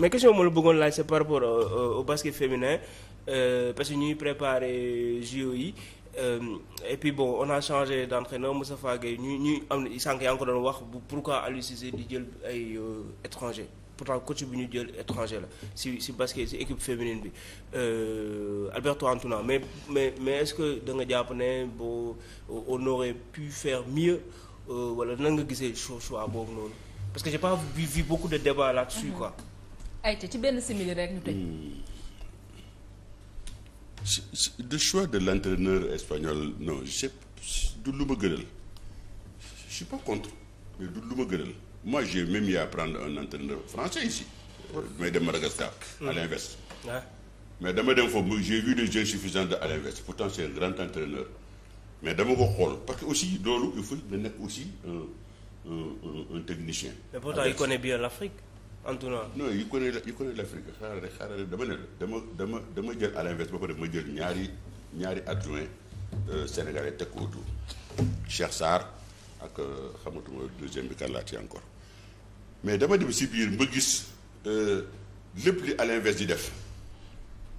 mais question bi la bëggoon laaj c'est par rapport au, au basket féminin euh, parce que ñuy préparer JO yi e euh, et puis bon on a changé d'entraîneur Moustapha Gueye ñu ñu am sànq yaa ngi ko doon wax pourquoi Aliou Cissé di jël ay euh, étranger pourtant coach bi ñu jël étranger la si si basket si équipe féminine bi euh, Alberto Antuna mais mais mais est-ce que da nga jàpp ne boo on aurait pu faire mieux wala nan nga gisee choix choix boobu noonu parce que j'ai pas vu, beaucoup de débats là mhm. quoi. ayte ci benn simili rek ñu tëj. le de l'entraîneur espagnol non je du lu ma gënal je pas contre mais du lu ma gënal moi j'ai même eu à prendre un entraîneur français ici. may dem Madagascar. à l'inverse. mais dama dem foofu j'ai vu des jeux suffisants de à l'inverse pourtant c'est un grand entraîneur mais dama ko xool parce que aussi loolu il faut nga nekk aussi un un un technicien. mais pourtant il connaît bien l'Afrique. en tournoi. non yu ko ne la yu ko ne l'Afrique xaaral rek xaaral rek dama ne la dama dama dama jël à l'inverse ba pare ma jël ñaari ñaari adjoint euh, sénégalais teg ko autour Cheikh Sarr ak euh, xamatuma deuxième bi kan ci encore mais dama dem si biir ba gis euh, lépp li à yi def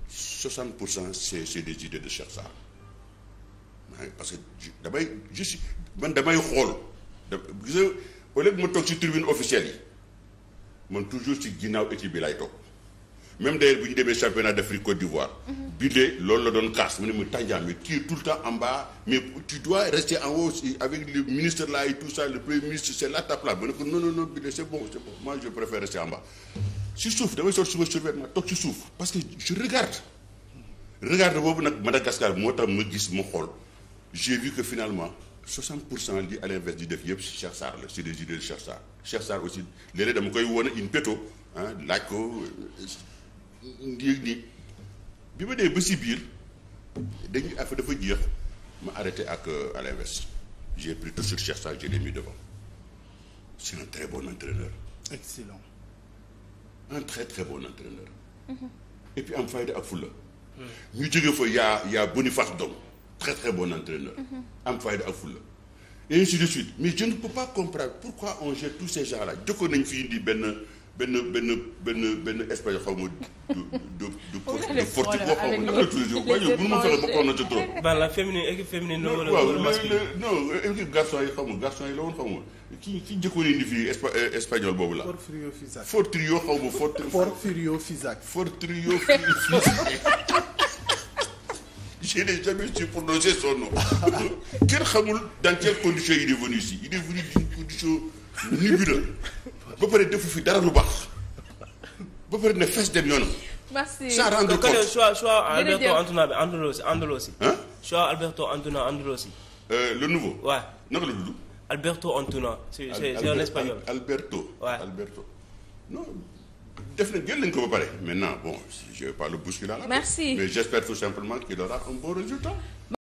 60 pour cent c'est c'est des idées de Cheikh Sarr parce que damay juste man damay xool da gis nga au ma toog ci tribune officielle yi. man toujours ci ginnaaw équipe bi lay toog même d'ailleurs bu ñu demee championnat d'Afrique Côte d'Ivoire. Mhm. Bidé loolu la doon casse mu ne mu Tandian mais tu es tout le temps en bas mais tu dois rester en haut avec le ministre là tout ça le premier ministre c'est là ta place ma ne ko non non non c'est bon c'est bon moi je préfère rester en bas. si suuf damay sol suma survêtement toog ci suuf parce que je regarde regarde boobu nag Madagascar moo tax ma gis ma xool finalement. 60 pour cent li Alain West di def yëpp Cheikh Sarr la c'est des idées de Cheikh Sarr Cheikh Sarr aussi léeg-léeg dama koy woon une péto laaj ko euh, ndi nii bi ma dee ba si biir dañuy affaire dafa jeex ma arrêté ak euh, Alain West j'ai pris tout de suite Cheikh Sarr je l'ai mis devant c'est un très bon entraîneur. excellent. un très très bon entraîneur. Mm-hmm. et puis am fayda ak fulla. ñu jóge fa yaa yaa Boniface Ndong. très très bon entraîneur. am fayda ak fulla et ainsi de suite mais je ne peux pas comprendre pourquoi on jette tous ces gens là jokkoon nañ fi indi benn benn benn benn benn espèce xaw ma de de de de xaw ma naka toujours waaye mënu ma fexe ba la wala wala masculine non yi xaw ma yi la woon xaw ma ki ki njëkkoon indi fii espa eh, espagnol boobu la. Porfirio Fisac Porfirio xaw je n'ai jamais su prononcer son nom xamul dans condition il est venu ici il est venu d'une condition ba pare defu fi dara lu baax ba pare ne fes dem yoonam. merci sans rendre compte choix choix Alberto Antuna bi Ancelotti Ancelotti. choix Alberto Antuna Ancelotti. Euh, le nouveau. waaw naka la tudd. Alberto Antuna. c'est c'est un espagnol Alberto. waaw Alberto non. def na jël nañ ko ba pare maintenant bon je vais pas le bousculer là. merci mais j'espère tout simplement qu'il aura un bon résultat.